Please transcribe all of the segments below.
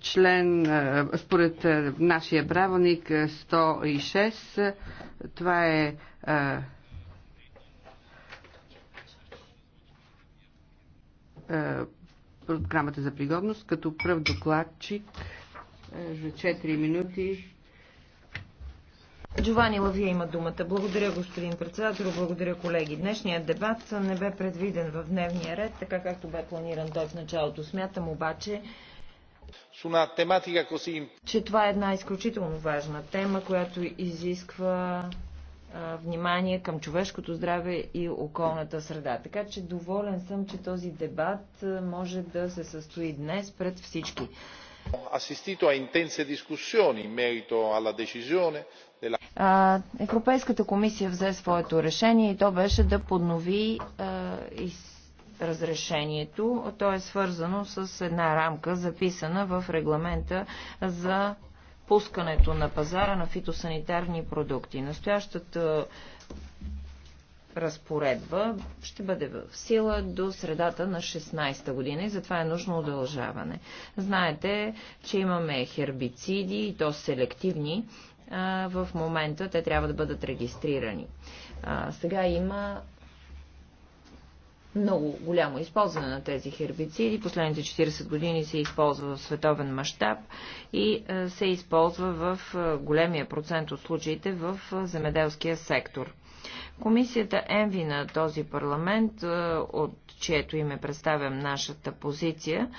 член, според нашия правилник 106, това е програмата за пригодност, като пръв докладчик за 4 минути. Джовани Лавия има думата. Благодаря, господин председател, благодаря, колеги. Днешният дебат не бе предвиден в дневния ред, така както бе планиран той в началото. Смятам обаче, че това е една изключително важна тема, която изисква внимание към човешкото здраве и околната среда. Така че доволен съм, че този дебат може да се състои днес пред всички. А, Европейската комисия взе своето решение и то беше да поднови а, из разрешението. То е свързано с една рамка, записана в регламента за пускането на пазара на фитосанитарни продукти. Настоящата разпоредба ще бъде в сила до средата на 16-та година и затова е нужно удължаване. Знаете, че имаме хербициди и то селективни. В момента те трябва да бъдат регистрирани. Сега има много голямо използване на тези хербициди. Последните 40 години се използва в световен мащаб и е, се използва в е, големия процент от случаите в е, земеделския сектор. Комисията ЕНВИ на този парламент, от чието име представям нашата позиция,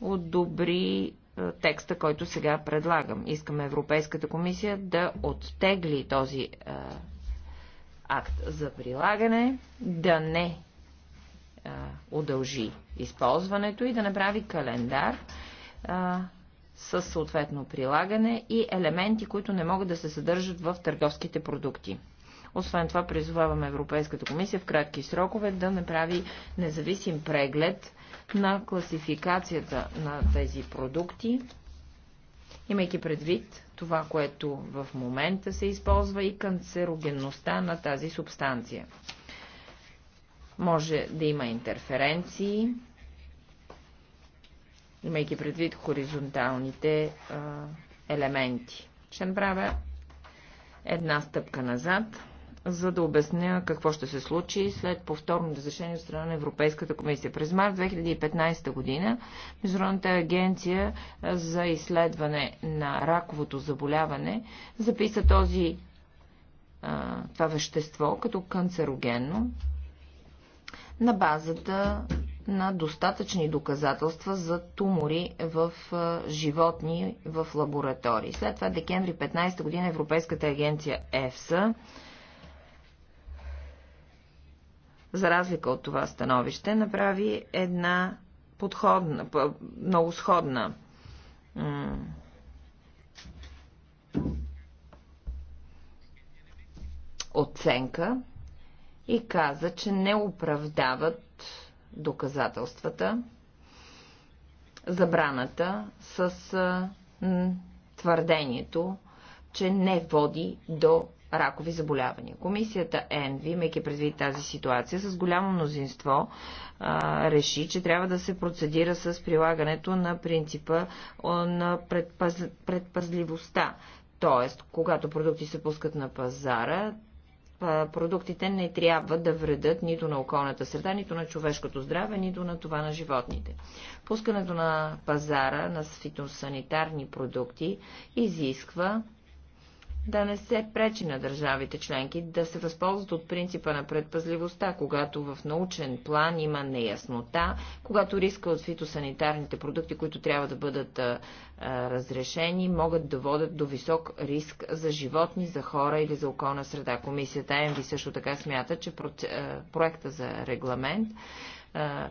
одобри текста, който сега предлагам. Искаме Европейската комисия да оттегли този акт за прилагане, да не а, удължи използването и да направи календар а, с съответно прилагане и елементи, които не могат да се съдържат в търговските продукти. Освен това, призоваваме Европейската комисия в кратки срокове да направи независим преглед на класификацията на тези продукти, имайки предвид това, което в момента се използва и канцерогенността на тази субстанция. Може да има интерференции, имайки предвид хоризонталните а, елементи. Ще направя една стъпка назад, за да обясня какво ще се случи след повторно разрешение от страна на Европейската комисия. През март 2015 година Международната агенция за изследване на раковото заболяване записа този, това вещество като канцерогенно на базата на достатъчни доказателства за тумори в животни в лаборатории. След това декември 15 година Европейската агенция ЕФСА за разлика от това становище, направи една подходна, много сходна оценка и каза, че не оправдават доказателствата, забраната с твърдението, че не води до ракови заболявания. Комисията ЕНВИ, имайки предвид тази ситуация, с голямо мнозинство а, реши, че трябва да се процедира с прилагането на принципа на предпаз... предпазливостта. Тоест, когато продукти се пускат на пазара, продуктите не трябва да вредят нито на околната среда, нито на човешкото здраве, нито на това на животните. Пускането на пазара на фитосанитарни продукти изисква да не се пречи на държавите членки да се възползват от принципа на предпазливостта, когато в научен план има неяснота, когато риска от фитосанитарните продукти, които трябва да бъдат а, разрешени, могат да водят до висок риск за животни, за хора или за околна среда. Комисията МВ също така смята, че проекта за регламент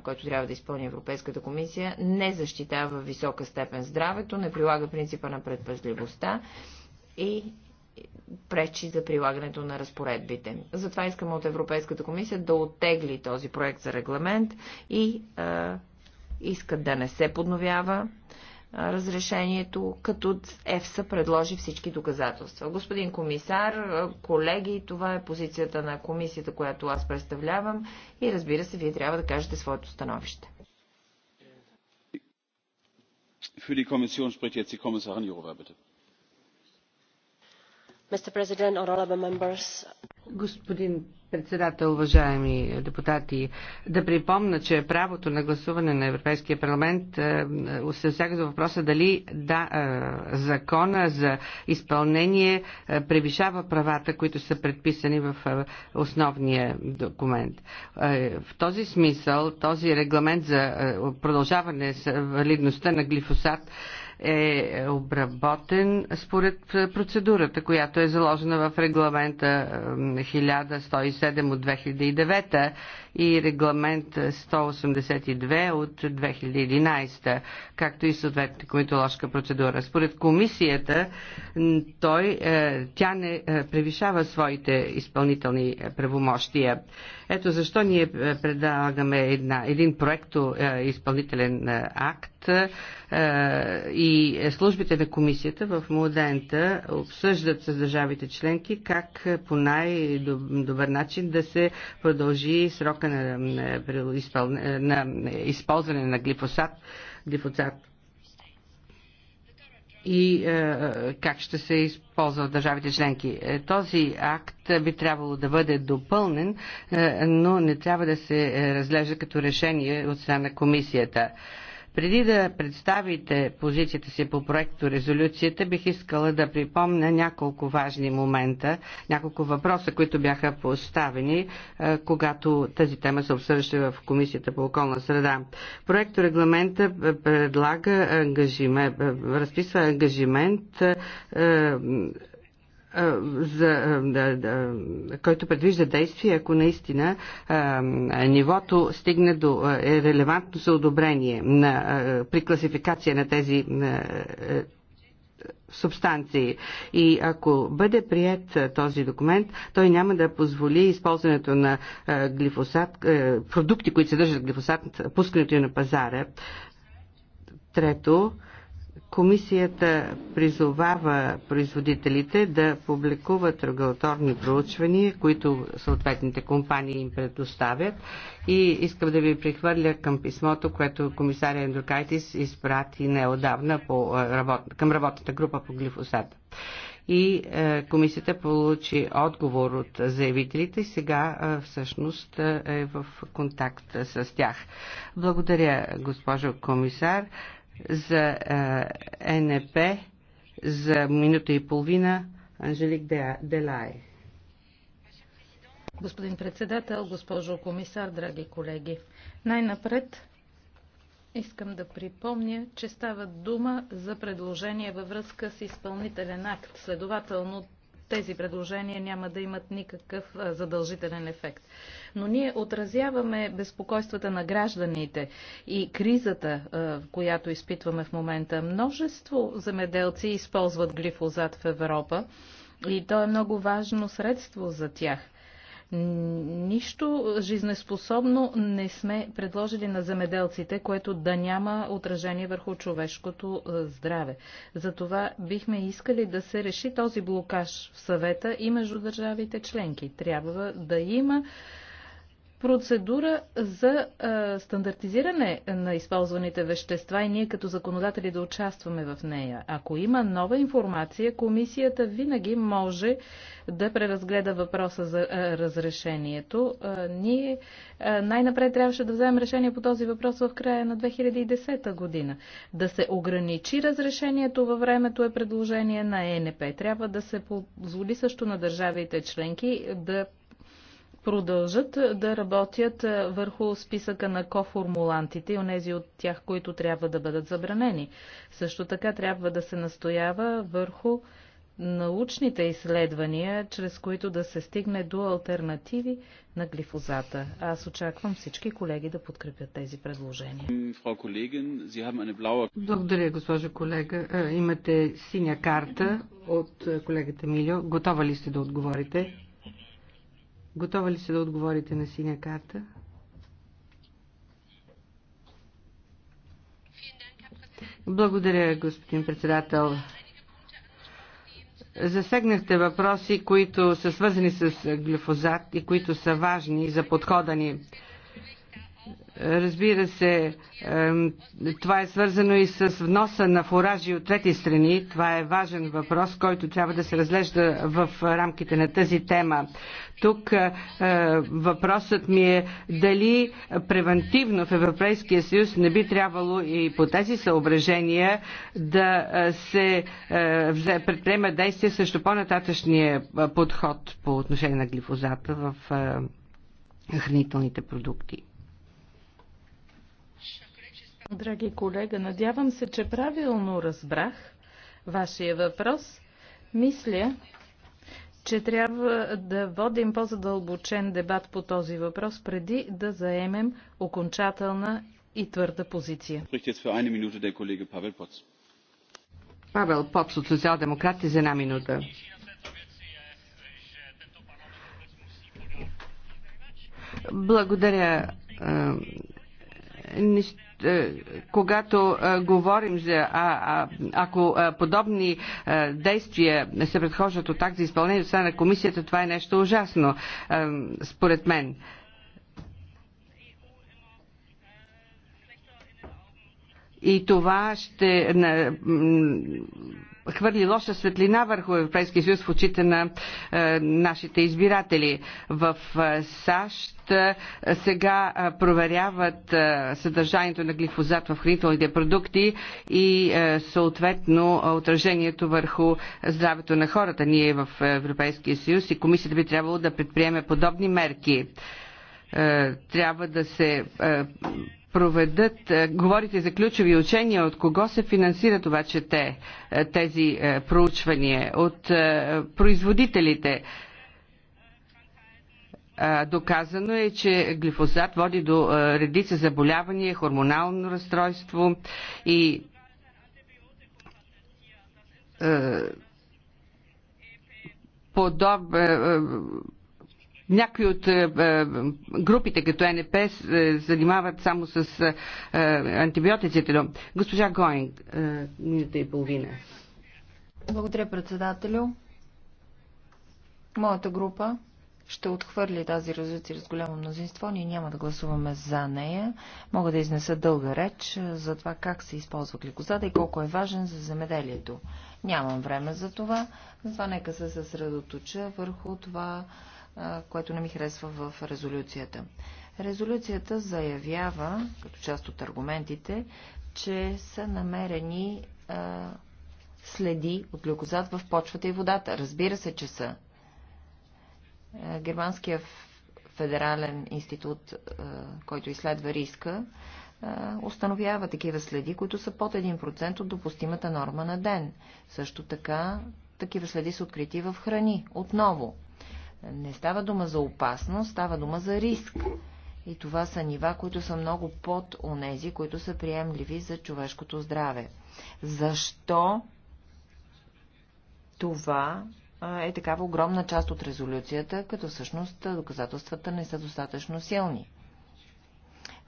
който трябва да изпълни Европейската комисия, не защитава висока степен здравето, не прилага принципа на предпазливостта и пречи за прилагането на разпоредбите. Затова искаме от Европейската комисия да оттегли този проект за регламент и а, искат да не се подновява а, разрешението, като ЕФСА предложи всички доказателства. Господин комисар, колеги, това е позицията на комисията, която аз представлявам и разбира се, вие трябва да кажете своето становище. Für die Kommission spricht jetzt die Kommissarin Jourova, bitte. Господин председател, уважаеми депутати, да припомна, че правото на гласуване на Европейския парламент е, се засяга за въпроса дали да, е, закона за изпълнение е, превишава правата, които са предписани в основния документ. В този смисъл, този регламент за продължаване с валидността на глифосат е обработен според процедурата, която е заложена в регламента 1107 от 2009 и регламент 182 от 2011, както и съответната комитоложка е процедура. Според комисията, той, е, тя не е, превишава своите изпълнителни правомощия. Ето защо ние предлагаме една, един проекто изпълнителен акт и и е, службите на комисията в момента обсъждат с държавите членки как е, по най-добър начин да се продължи срока на, на, на използване на глифосат, глифосат и е, как ще се използва в държавите членки. Е, този акт би трябвало да бъде допълнен, е, но не трябва да се разглежда като решение от страна на комисията. Е, преди да представите позицията си по проекто резолюцията, бих искала да припомня няколко важни момента, няколко въпроса, които бяха поставени, е, когато тази тема се обсъждаше в Комисията по околна среда. Проекто регламента е, предлага ангажимент, е, разписва ангажимент за, да, да, който предвижда действие, ако наистина а, нивото стигне до е релевантно за одобрение на, а, при класификация на тези а, субстанции. И ако бъде прият този документ, той няма да позволи използването на глифосат, продукти, които съдържат глифосат, пускането и на пазара. Трето, Комисията призовава производителите да публикуват регулаторни проучвания, които съответните компании им предоставят. И искам да ви прихвърля към писмото, което комисаря Ендокайтис изпрати неодавна по, работ, към работната група по глифосат. И е, комисията получи отговор от заявителите и сега е, всъщност е, е в контакт с тях. Благодаря, госпожо комисар за е, НП за минута и половина Анжелик Делай. Господин председател, госпожо комисар, драги колеги, най-напред искам да припомня, че става дума за предложение във връзка с изпълнителен акт. Следователно, тези предложения няма да имат никакъв задължителен ефект. Но ние отразяваме безпокойствата на гражданите и кризата, която изпитваме в момента. Множество земеделци използват глифозат в Европа и то е много важно средство за тях. Нищо жизнеспособно не сме предложили на земеделците, което да няма отражение върху човешкото здраве. Затова бихме искали да се реши този блокаж в съвета и между държавите членки. Трябва да има процедура за а, стандартизиране на използваните вещества и ние като законодатели да участваме в нея. Ако има нова информация, комисията винаги може да преразгледа въпроса за а, разрешението. А, ние най-напред трябваше да вземем решение по този въпрос в края на 2010 година. Да се ограничи разрешението във времето е предложение на ЕНП. Трябва да се позволи също на държавите членки да продължат да работят върху списъка на коформулантите и онези от тях, които трябва да бъдат забранени. Също така трябва да се настоява върху научните изследвания, чрез които да се стигне до альтернативи на глифозата. Аз очаквам всички колеги да подкрепят тези предложения. Благодаря, госпожо колега. Е, имате синя карта от е, колегата Милио. Готова ли сте да отговорите? Готова ли се да отговорите на синя карта? Благодаря, господин председател. Засегнахте въпроси, които са свързани с глифозат и които са важни за подхода ни. Разбира се, това е свързано и с вноса на фуражи от трети страни. Това е важен въпрос, който трябва да се разглежда в рамките на тази тема. Тук е, е, въпросът ми е дали превентивно в Европейския съюз не би трябвало и по тези съображения да е, се предприема действие срещу по-нататъчния подход по отношение на глифозата в хранителните продукти. Драги колега, надявам се, че правилно разбрах вашия въпрос. Мисля, че трябва да водим по-задълбочен дебат по този въпрос, преди да заемем окончателна и твърда позиция. Павел Поп от социал-демократи за една минута. Благодаря. Е, Нещ... Е, когато е, говорим за а, а, ако е, подобни действия се предхождат от акт за изпълнение от страна на комисията, това е нещо ужасно, според мен. И това ще хвърли лоша светлина върху Европейския съюз в очите на е, нашите избиратели. В е, САЩ е, сега проверяват съдържанието на глифозат в хранителните продукти и съответно отражението върху здравето на хората. Ние в Европейския съюз и комисията би трябвало да предприеме подобни мерки. Трябва да се проведат, е, говорите за ключови учения, от кого се финансират обаче те, е, тези е, проучвания? От производителите. Доказано е, че глифосат води до редица заболявания, хормонално разстройство и подоб, някои от е, е, групите като НП е, се занимават само с антибиотиците. Но госпожа Гоинг, минута и половина. Благодаря, председателю. Моята група ще отхвърли тази резолюция с голямо мнозинство. Ние няма да гласуваме за нея. Мога да изнеса дълга реч за това как се използва гликозата и колко е важен за земеделието. Нямам време за това, затова нека се съсредоточа върху това, което не ми харесва в резолюцията. Резолюцията заявява, като част от аргументите, че са намерени а, следи от глюкозат в почвата и водата. Разбира се, че са. Германският федерален институт, а, който изследва риска, а, установява такива следи, които са под 1% от допустимата норма на ден. Също така, такива следи са открити в храни. Отново, не става дума за опасност, става дума за риск. И това са нива, които са много под онези, които са приемливи за човешкото здраве. Защо това е такава огромна част от резолюцията, като всъщност доказателствата не са достатъчно силни?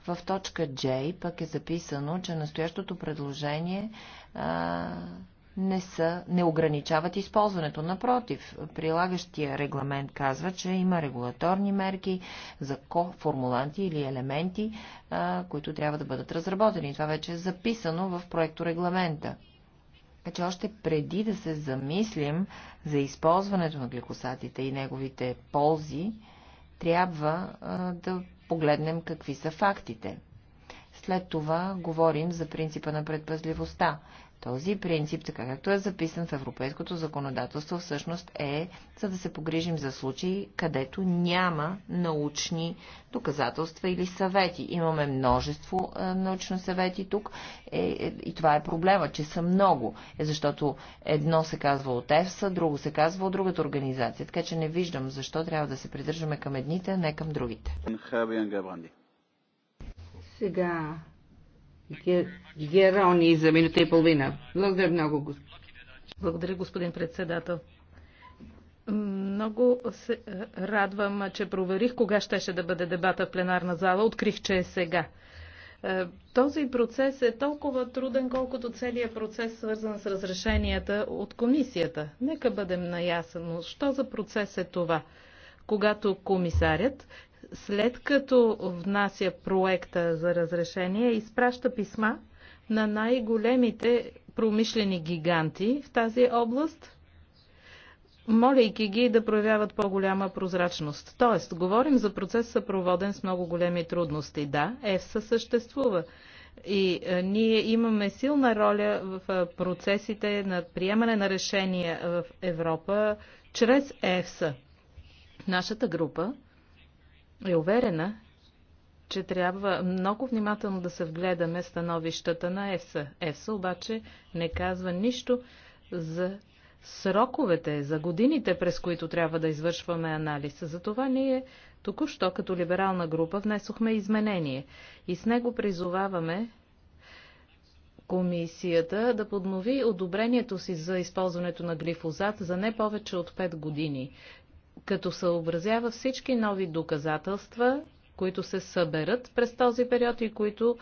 В точка J пък е записано, че настоящото предложение а, не, са, не ограничават използването. Напротив, прилагащия регламент казва, че има регулаторни мерки за коформуланти или елементи, а, които трябва да бъдат разработени. Това вече е записано в проекто регламента. Така че още преди да се замислим за използването на гликосатите и неговите ползи, трябва а, да погледнем какви са фактите. След това говорим за принципа на предпазливостта. Този принцип, така както е записан в европейското законодателство, всъщност е за да се погрижим за случаи, където няма научни доказателства или съвети. Имаме множество е, научни съвети тук е, е, и това е проблема, че са много. Е, защото едно се казва от ЕФСА, друго се казва от другата организация. Така че не виждам защо трябва да се придържаме към едните, а не към другите. Сега Герони за минута и половина. Благодаря много, господин. Благодаря, господин председател. Много се е, радвам, че проверих кога щеше да бъде дебата в пленарна зала. Открих, че е сега. Е, този процес е толкова труден, колкото целият процес, свързан с разрешенията от комисията. Нека бъдем наясно. Що за процес е това? Когато комисарят след като внася проекта за разрешение, изпраща писма на най-големите промишлени гиганти в тази област, молейки ги да проявяват по-голяма прозрачност. Тоест, говорим за процес съпроводен с много големи трудности. Да, ЕФСА съществува. И е, ние имаме силна роля в е, процесите на приемане на решения в Европа чрез ЕФСА. Нашата група е уверена, че трябва много внимателно да се вгледаме становищата на ЕСА. ЕСА, обаче не казва нищо за сроковете, за годините, през които трябва да извършваме анализ. Затова ние току-що като либерална група внесохме изменение и с него призоваваме комисията да поднови одобрението си за използването на глифозат за не повече от 5 години като съобразява всички нови доказателства, които се съберат през този период и които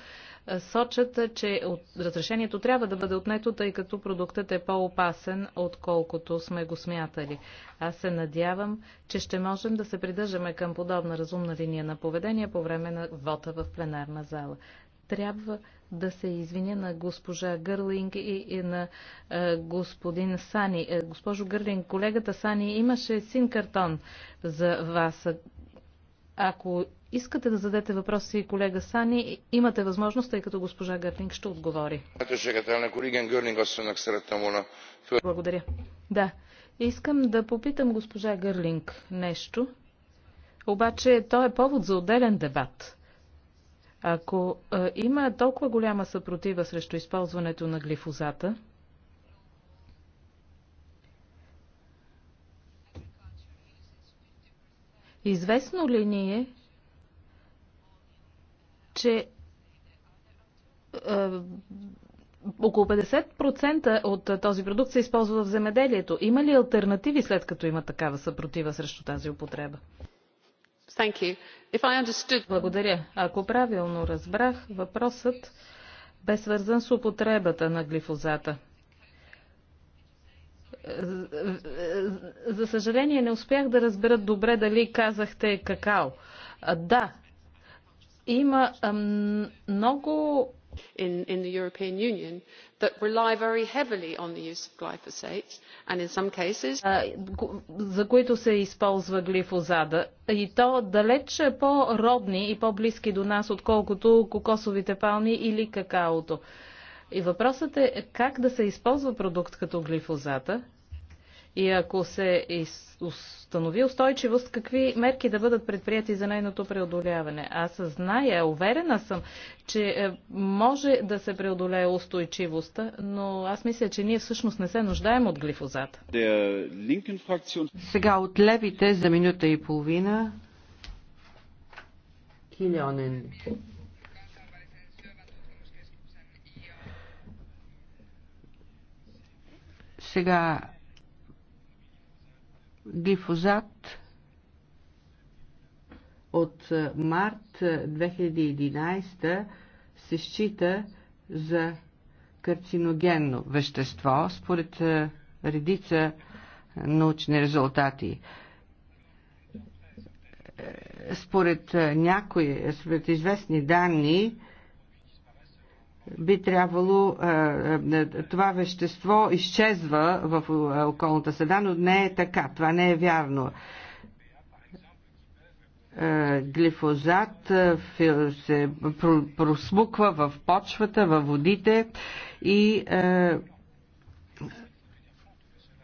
сочат, че разрешението трябва да бъде отнето, тъй като продуктът е по-опасен, отколкото сме го смятали. Аз се надявам, че ще можем да се придържаме към подобна разумна линия на поведение по време на вота в пленарна зала. Трябва да се извиня на госпожа Гърлинг и, на господин Сани. Е, госпожо Гърлинг, колегата Сани имаше син картон за вас. Ако искате да зададете въпроси, колега Сани, имате възможност, тъй като госпожа Гърлинг ще отговори. Благодаря. Да. Искам да попитам госпожа Гърлинг нещо. Обаче, то е повод за отделен дебат. Ако а, е, има толкова голяма съпротива срещу използването на глифозата, известно ли ни е, че а, е, около 50% от този продукт се използва в земеделието. Има ли альтернативи след като има такава съпротива срещу тази употреба? Благодаря. Ако правилно разбрах, въпросът бе свързан с употребата на глифозата. За съжаление, не успях да разбера добре дали казахте какао. Да, има много in, in the European Union that rely very heavily on the use of glyphosate за които се използва глифозада. И то далеч по-родни и по-близки до нас, отколкото кокосовите палми или какаото. И въпросът е как да се използва продукт като глифозата, и ако се установи устойчивост, какви мерки да бъдат предприяти за нейното преодоляване? Аз зная, уверена съм, че е, може да се преодолее устойчивостта, но аз мисля, че ние всъщност не се нуждаем от глифозата. Сега от левите за минута и половина. Килионен. Сега глифозат от март 2011 се счита за карциногенно вещество според редица научни резултати. Е, според някои, според известни данни, би трябвало е, е, това вещество изчезва в е, околната среда, но не е така. Това не е вярно. Глифозат се просмуква в почвата, във водите и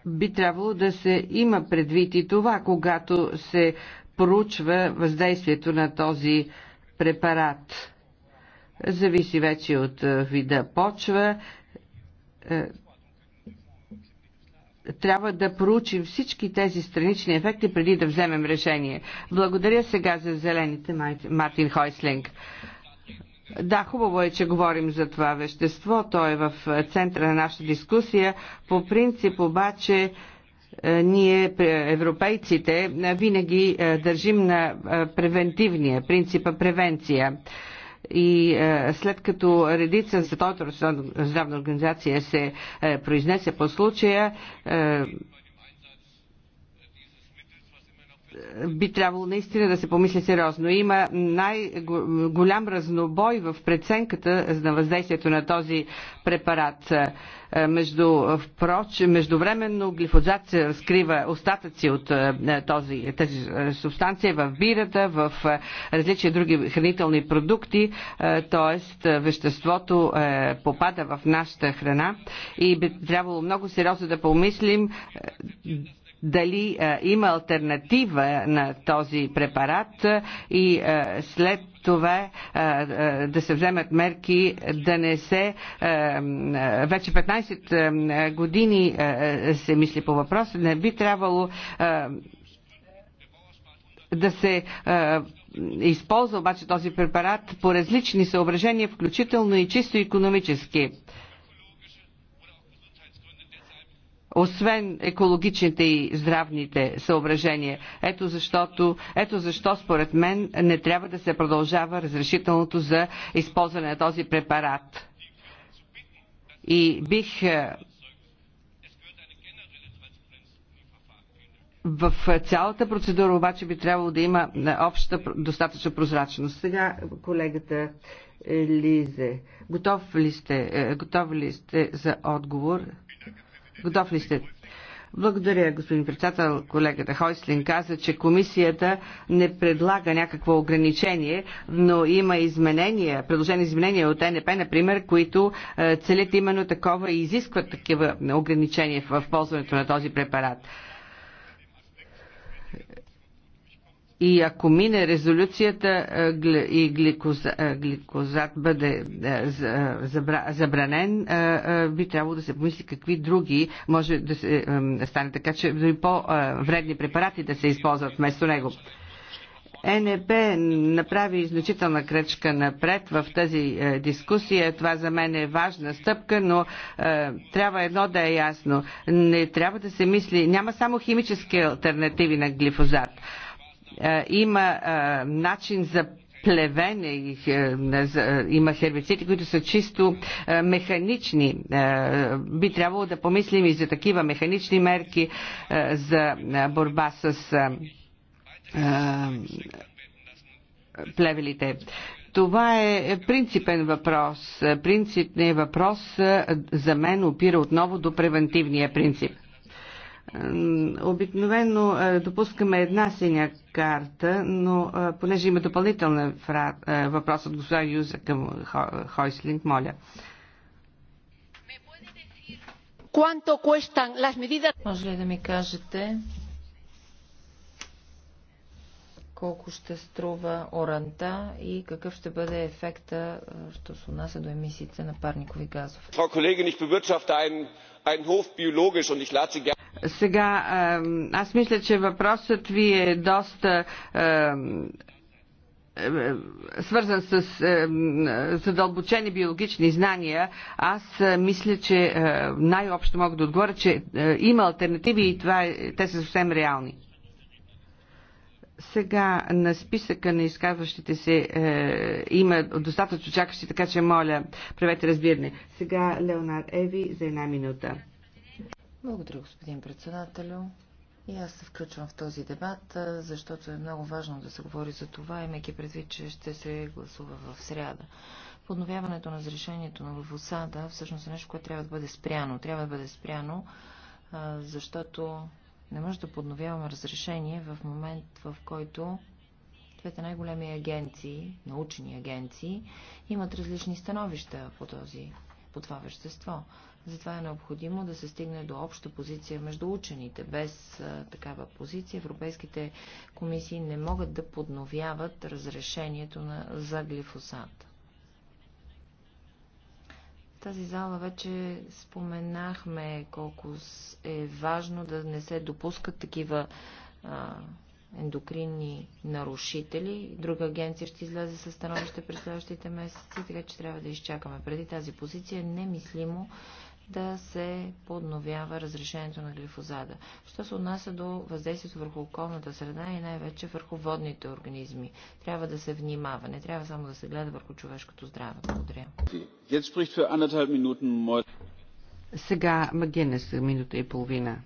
би трябвало да се има предвид и това, когато се проучва въздействието на този препарат зависи вече от е, вида почва. Е, трябва да проучим всички тези странични ефекти преди да вземем решение. Благодаря сега за зелените, Мартин Хойслинг. Да, хубаво е, че говорим за това вещество. То е в е, центъра на нашата дискусия. По принцип обаче ние, европейците, винаги държим на превентивния принципа превенция и е, след като редица Световната здравна организация се е, произнесе по случая, е, би трябвало наистина да се помисли сериозно. Има най-голям разнобой в преценката на въздействието на този препарат. Е, между, впроч, междувременно глифозат се разкрива остатъци от е, този, тази субстанция в бирата, в е, различни други хранителни продукти, т.е. веществото попада в нашата храна и би трябвало много сериозно да помислим дали е, има альтернатива на този препарат е, и е, след това да се вземат мерки да не се... Вече 15 години се мисли по въпроса. Не би трябвало да се използва обаче този препарат по различни съображения, включително и чисто економически освен екологичните и здравните съображения. Ето, защото, ето защо според мен не трябва да се продължава разрешителното за използване на този препарат. И бих е, В цялата процедура обаче би трябвало да има е, обща достатъчна прозрачност. Сега колегата Лизе, готов ли сте, е, готов ли сте за отговор? Готов ли сте? Благодаря, господин председател. Колегата Хойслин каза, че комисията не предлага някакво ограничение, но има изменения, предложени изменения от НП, например, които е, целят именно такова и изискват такива ограничения в ползването на този препарат. и ако мине резолюцията е, и е, гликозат, бъде е, забранен, би трябвало да се помисли какви други може да се стане така, че дори по-вредни препарати да се използват вместо него. НЕП направи значителна кръчка напред в тази е, дискусия. Това за мен е важна стъпка, но е, трябва едно да е ясно. Не трябва да се мисли, няма само химически альтернативи на глифозат. Е, има е, начин за плевене и е, има хербициди, които са чисто механични. Би трябвало да помислим и за такива механични мерки за борба с плевелите. Това е принципен въпрос. Принципният въпрос за мен опира отново до превентивния принцип. Обикновено е, допускаме една синя карта, но е, понеже има допълнителна е, въпрос от госпожа Юза към Хойслинг, моля. Може ли да ми кажете колко ще струва оранта и какъв ще бъде ефекта, що се отнася до емисиите на парникови газове? Сега, аз мисля, че въпросът ви е доста свързан с задълбочени биологични знания, аз мисля, че най-общо мога да отговоря, че има альтернативи и това, е, те са съвсем реални. Сега на списъка на изказващите се е, има достатъчно чакащи, така че моля, правете разбиране. Сега Леонард Еви за една минута. Благодаря, господин председателю. И аз се включвам в този дебат, защото е много важно да се говори за това, имайки предвид, че ще се гласува в сряда. Подновяването на разрешението на Лавосада всъщност е нещо, което трябва да бъде спряно. Трябва да бъде спряно, защото не може да подновяваме разрешение в момент, в който двете най-големи агенции, научни агенции, имат различни становища по, този, по това вещество. Затова е необходимо да се стигне до обща позиция между учените. Без а, такава позиция европейските комисии не могат да подновяват разрешението на, за глифосат. В тази зала вече споменахме колко е важно да не се допускат такива а, ендокринни нарушители. Друга агенция ще излезе със становище през следващите месеци, така че трябва да изчакаме. Преди тази позиция е немислимо да се подновява разрешението на глифозада. Що се отнася до въздействието върху околната среда и най-вече върху водните организми. Трябва да се внимава, не трябва само да се гледа върху човешкото здраве. Благодаря. Сега Магенес минута и половина.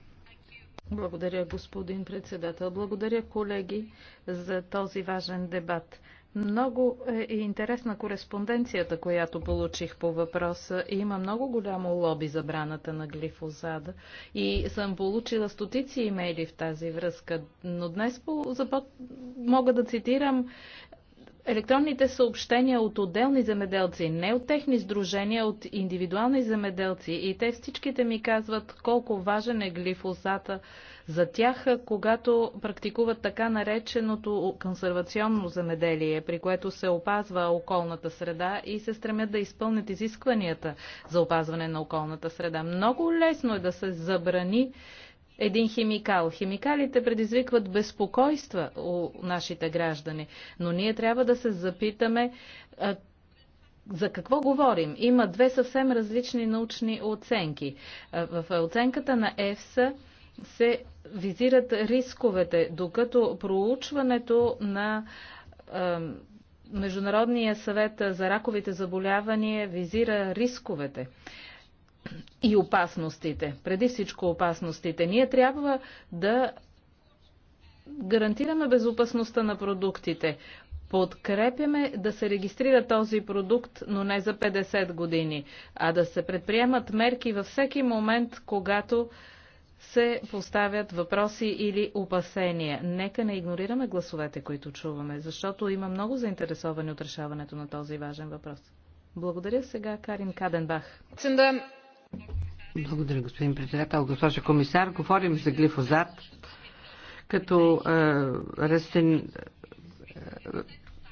Благодаря, господин председател. Благодаря, колеги, за този важен дебат. Много е интересна кореспонденцията, която получих по въпроса. Има много голямо лоби за браната на глифозада и съм получила стотици имейли в тази връзка. Но днес по, запот... мога да цитирам електронните съобщения от отделни земеделци, не от техни сдружения, от индивидуални земеделци. И те всичките ми казват колко важен е глифозата за тях, когато практикуват така нареченото консервационно замеделие, при което се опазва околната среда и се стремят да изпълнят изискванията за опазване на околната среда, много лесно е да се забрани един химикал. Химикалите предизвикват безпокойства у нашите граждани, но ние трябва да се запитаме за какво говорим? Има две съвсем различни научни оценки. В оценката на ЕФСА се визират рисковете, докато проучването на Международния съвет за раковите заболявания визира рисковете и опасностите, преди всичко опасностите. Ние трябва да гарантираме безопасността на продуктите. Подкрепяме да се регистрира този продукт, но не за 50 години, а да се предприемат мерки във всеки момент, когато се поставят въпроси или опасения. Нека не игнорираме гласовете, които чуваме, защото има много заинтересовани от решаването на този важен въпрос. Благодаря сега Карин Каденбах. Благодаря, господин председател. Госпожа комисар, говорим за глифозат като е, растен, е,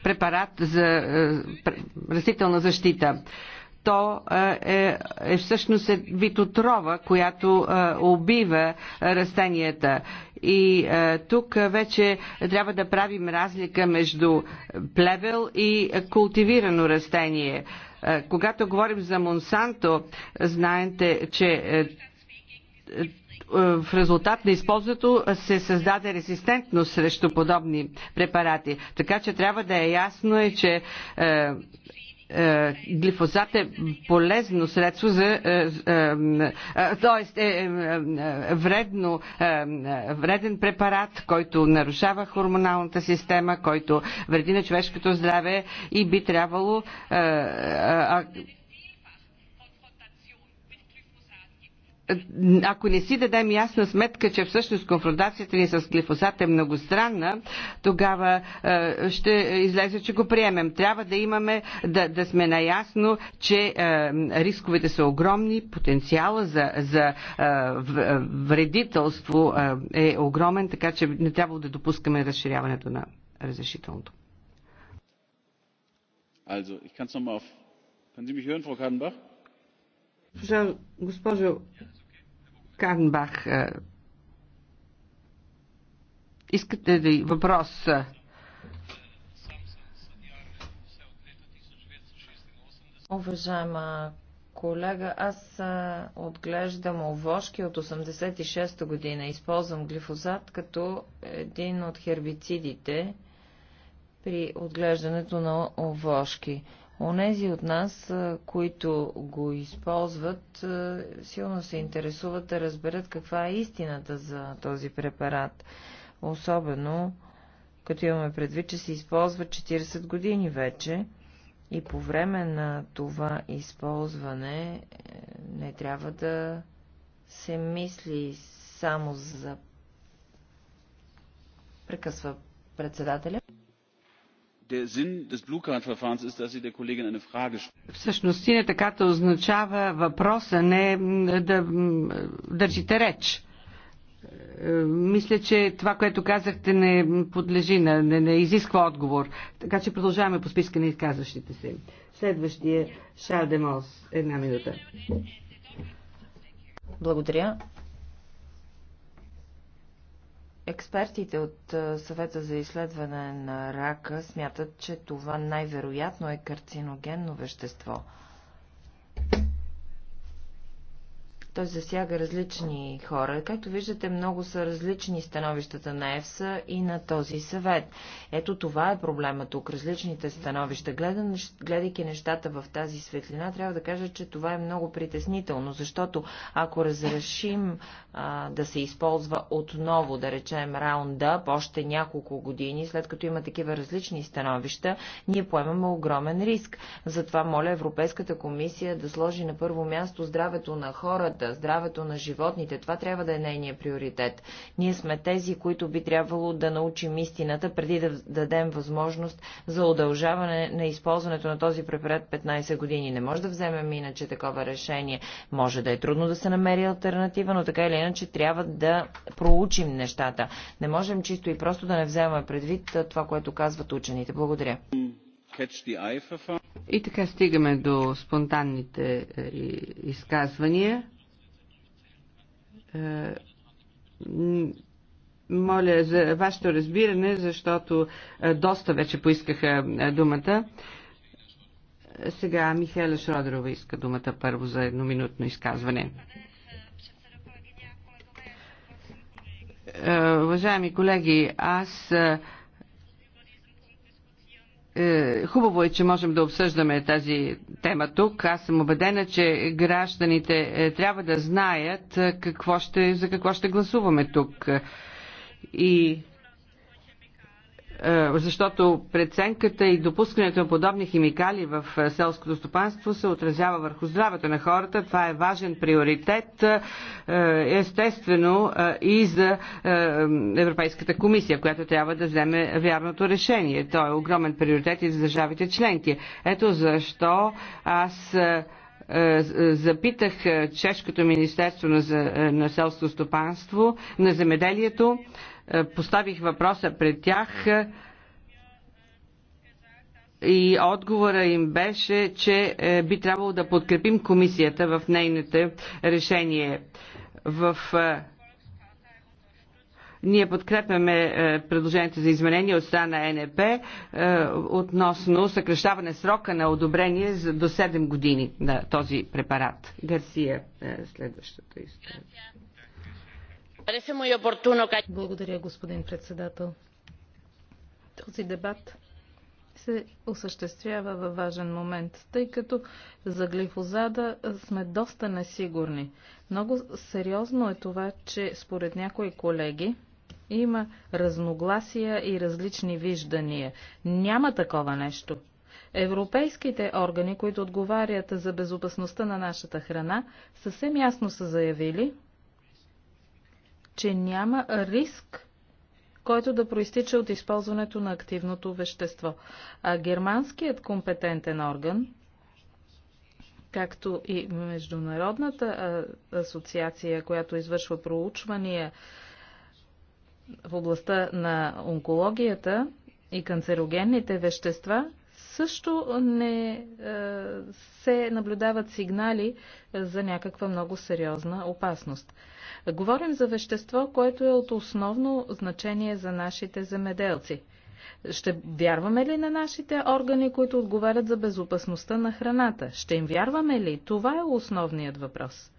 препарат за е, растителна защита то е, е, е всъщност е вид отрова, която е, убива е, растенията. И е, тук вече трябва да правим разлика между плевел и култивирано растение. Е, когато говорим за Монсанто, знаете, че е, е, в резултат на използването се създаде резистентност срещу подобни препарати. Така че трябва да е ясно е, че е, е, глифозат е полезно средство за... т.е. Е, е, е вредно, вреден препарат, който нарушава хормоналната система, който вреди на човешкото здраве и би трябвало ако не си дадем ясна сметка, че всъщност конфронтацията ни с глифосат е многостранна, тогава е, ще излезе, че го приемем. Трябва да имаме, да, да сме наясно, че е, рисковете са огромни, потенциала за, за е, е вредителство е, е, огромен, така че не трябва да допускаме разширяването на разрешителното. Also, ich nochmal auf. Können Sie mich hören, Frau Kadenbach? Госпожо Канбах. Искате ли въпрос? Уважаема колега, аз отглеждам овошки от 86-та година. Използвам глифозат като един от хербицидите при отглеждането на овошки. Онези от нас, които го използват, силно се интересуват да разберат каква е истината за този препарат. Особено, като имаме предвид, че се използва 40 години вече и по време на това използване е, не трябва да се мисли само за... Прекъсва председателя. Всъщност синята карта означава въпроса, не да държите реч. Е, мисля, че това, което казахте, не подлежи не, не изисква отговор. Така че продължаваме по списка на изказващите се. Следващия Шар Демос. Една минута. Благодаря. Експертите от съвета за изследване на рака смятат, че това най-вероятно е карциногенно вещество. Той засяга различни хора. Както виждате, много са различни становищата на ЕФСА и на този съвет. Ето това е проблема тук. Различните становища. гледайки нещата в тази светлина, трябва да кажа, че това е много притеснително, защото ако разрешим а, да се използва отново, да речем, раундъп, още няколко години, след като има такива различни становища, ние поемаме огромен риск. Затова моля Европейската комисия да сложи на първо място здравето на хората, природата, здравето на животните, това трябва да е нейният приоритет. Ние сме тези, които би трябвало да научим истината, преди да дадем възможност за удължаване на използването на този препарат 15 години. Не може да вземем иначе такова решение. Може да е трудно да се намери альтернатива, но така или иначе трябва да проучим нещата. Не можем чисто и просто да не вземаме предвид това, което казват учените. Благодаря. И така стигаме до спонтанните е, изказвания. Е, моля за вашето разбиране, защото е, доста вече поискаха е, думата. Сега Михайла Шродерова иска думата първо за едноминутно изказване. Уважаеми колеги, аз е, хубаво е, че можем да обсъждаме тази тема тук. Аз съм убедена, че гражданите е, трябва да знаят е, какво ще, за какво ще гласуваме тук. И е, защото преценката и допускането на подобни химикали в е, селското стопанство се отразява върху здравето на хората. Това е важен приоритет, е, естествено, и за Европейската комисия, която трябва да вземе вярното решение. То е огромен приоритет и за държавите членки. Ето защо аз запитах Чешкото Министерство на, на стопанство, на земеделието, е, поставих въпроса пред тях е, и отговора им беше, че е, би трябвало да подкрепим комисията в нейните решение. В ние подкрепяме предложението за изменение от страна на НЕП относно съкрещаване срока на одобрение до 7 години на този препарат. Гарсия, следващата история. Благодаря, господин председател. Този дебат се осъществява във важен момент, тъй като за глифозада сме доста несигурни. Много сериозно е това, че според някои колеги има разногласия и различни виждания. Няма такова нещо. Европейските органи, които отговарят за безопасността на нашата храна, съвсем ясно са заявили, че няма риск, който да проистича от използването на активното вещество. А германският компетентен орган, както и Международната асоциация, която извършва проучвания в областта на онкологията и канцерогенните вещества, също не е, се наблюдават сигнали е, за някаква много сериозна опасност. Говорим за вещество, което е от основно значение за нашите земеделци. Ще вярваме ли на нашите органи, които отговарят за безопасността на храната? Ще им вярваме ли? Това е основният въпрос.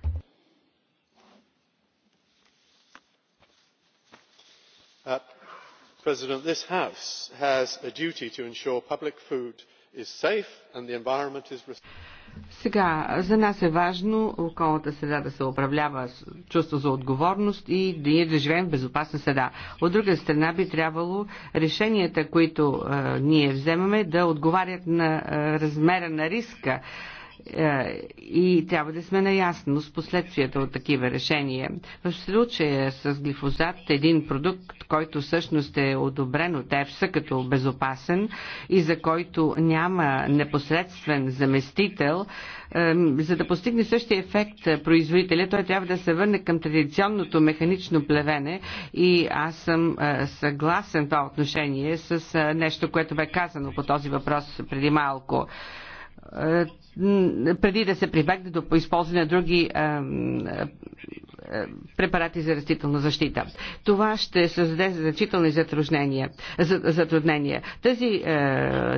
Uh, this house has a duty to ensure public food is safe and the environment is сега, за нас е важно околната среда да се управлява с чувство за отговорност и да ние да живеем в безопасна среда. От друга страна би трябвало решенията, които е, ние вземаме, да отговарят на е, размера на риска. Е, е, и трябва да сме наясно с последствията от такива решения. В случая с глифозат, един продукт, който всъщност е одобрен от ЕФСА като безопасен и за който няма непосредствен заместител, е, за да постигне същия ефект производителя, той трябва да се върне към традиционното механично плевене и аз съм е, съгласен в това отношение с нещо, което бе казано по този въпрос преди малко преди да се прибегне до използване на други препарати за растителна защита. Това ще създаде значителни затруднения. затруднения. Тази,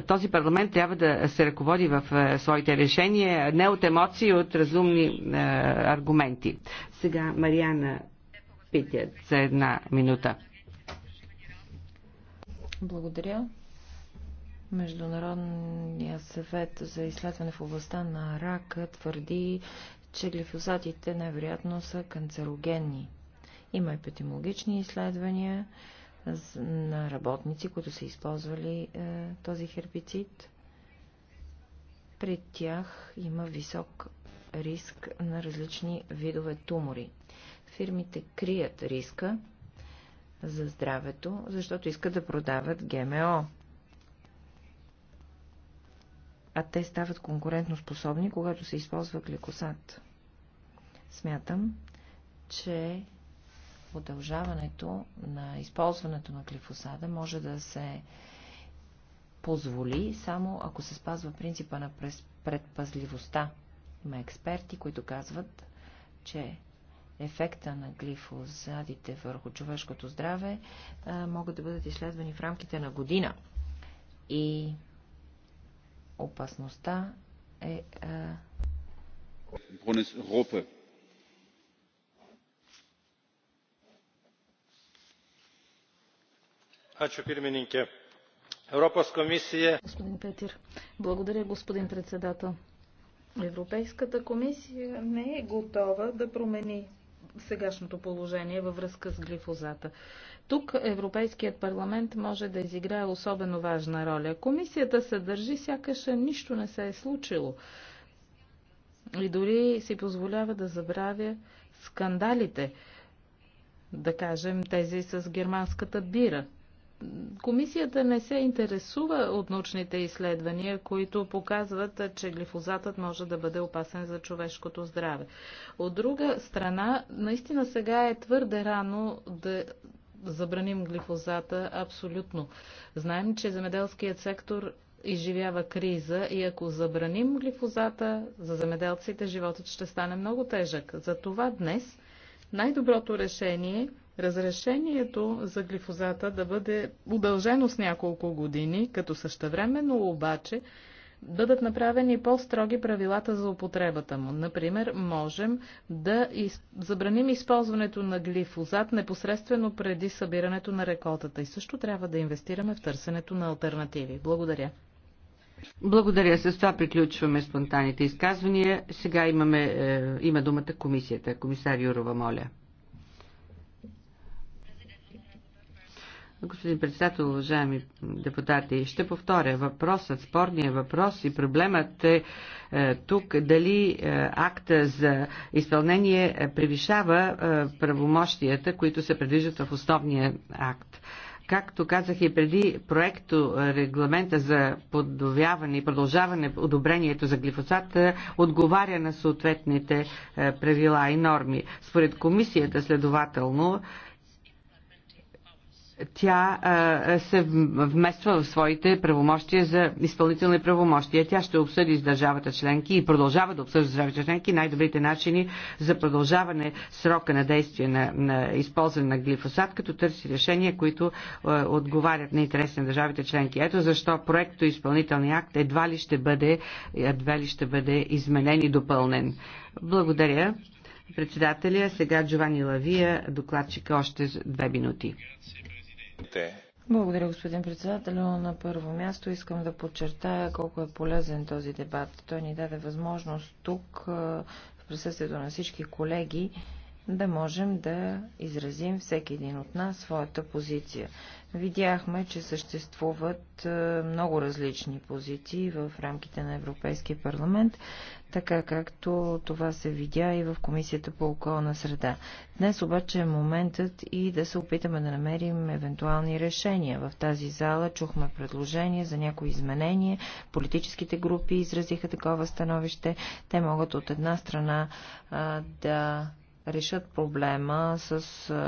този парламент трябва да се ръководи в своите решения не от емоции, от разумни аргументи. Сега Мариана Питят за една минута. Благодаря. Международния съвет за изследване в областта на рака твърди, че глифосатите най-вероятно са канцерогенни. Има епидемиологични изследвания на работници, които са използвали е, този хербицид. При тях има висок риск на различни видове тумори. Фирмите крият риска за здравето, защото искат да продават ГМО а те стават конкурентноспособни, когато се използва гликосат. Смятам, че удължаването на използването на глифосада може да се позволи само ако се спазва принципа на предпазливостта. Има експерти, които казват, че ефекта на глифосадите върху човешкото здраве а, могат да бъдат изследвани в рамките на година. И опасността е. А... Господин Петър, благодаря господин председател. Европейската комисия не е готова да промени сегашното положение във връзка с глифозата. Тук Европейският парламент може да изиграе особено важна роля. Комисията се държи, сякаш нищо не се е случило. И дори си позволява да забравя скандалите, да кажем тези с германската бира – Комисията не се интересува от научните изследвания, които показват, че глифозатът може да бъде опасен за човешкото здраве. От друга страна, наистина сега е твърде рано да забраним глифозата абсолютно. Знаем, че земеделският сектор изживява криза и ако забраним глифозата, за земеделците животът ще стане много тежък. Затова днес най-доброто решение е разрешението за глифозата да бъде удължено с няколко години, като същевременно обаче бъдат направени по-строги правилата за употребата му. Например, можем да из... забраним използването на глифозат непосредствено преди събирането на реколтата и също трябва да инвестираме в търсенето на альтернативи. Благодаря. Благодаря. С това приключваме спонтанните изказвания. Сега имаме, е, има думата комисията. Комисар Юрова, моля. Господин председател, уважаеми депутати, ще повторя въпросът, спорният въпрос и проблемът е, е тук дали е, акта за изпълнение е, превишава е, правомощията, които се предвиждат в основния акт. Както казах и преди, проекто е, регламента за подновяване и продължаване одобрението за глифосата е, отговаря на съответните правила и норми. Според комисията, следователно, тя се вмества в своите правомощия за изпълнителни правомощия. Тя ще обсъди с държавата членки и продължава да обсъжда с държавите членки най-добрите начини за продължаване срока на действие на, на използване на глифосат, като търси решения, които а, отговарят на интерес на държавите членки. Ето защо проекто изпълнителния акт едва ли ще бъде, едва ли ще бъде изменен и допълнен. Благодаря. Председателя, сега Джовани Лавия, докладчика още две минути. Благодаря, господин председател. На първо място искам да подчертая колко е полезен този дебат. Той ни даде възможност тук, в присъствието на всички колеги, да можем да изразим всеки един от нас своята позиция видяхме, че съществуват е, много различни позиции в рамките на Европейския парламент, така както това се видя и в Комисията по околна среда. Днес обаче е моментът и да се опитаме да намерим евентуални решения. В тази зала чухме предложения за някои изменения, политическите групи изразиха такова становище. Те могат от една страна да решат проблема с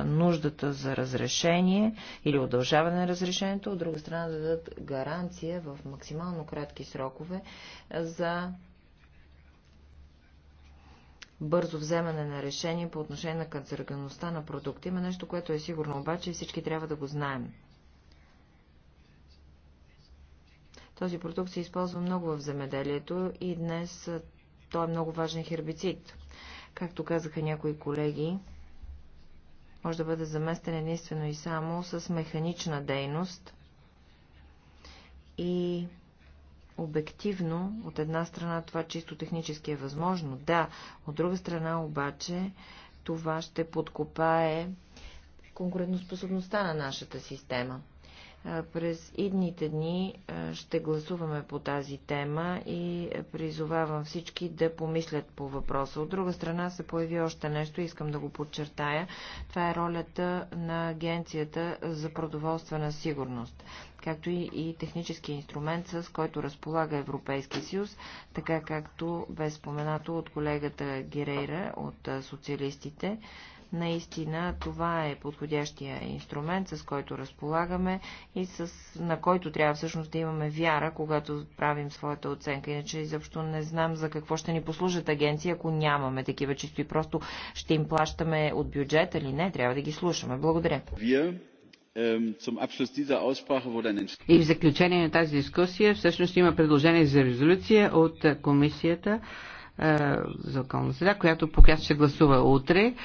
нуждата за разрешение или удължаване на разрешението, от друга страна да дадат гаранция в максимално кратки срокове за бързо вземане на решение по отношение на канцерогенността на продукти. Има нещо, което е сигурно обаче всички трябва да го знаем. Този продукт се използва много в земеделието и днес той е много важен хербицид – Както казаха някои колеги, може да бъде заместен единствено и само с механична дейност и обективно, от една страна това чисто технически е възможно, да, от друга страна обаче това ще подкопае конкурентоспособността на нашата система. През идните дни ще гласуваме по тази тема и призовавам всички да помислят по въпроса. От друга страна се появи още нещо, искам да го подчертая. Това е ролята на Агенцията за продоволствена сигурност, както и, и технически инструмент, с който разполага Европейски съюз, така както бе споменато от колегата Герейра от социалистите. Наистина това е подходящия инструмент, с който разполагаме и с, на който трябва всъщност да имаме вяра, когато правим своята оценка. Иначе изобщо не знам за какво ще ни послужат агенции, ако нямаме такива чисто и просто ще им плащаме от бюджет или не. Трябва да ги слушаме. Благодаря. И в заключение на тази дискусия всъщност има предложение за резолюция от комисията е, за околна среда, която пока ще гласува утре.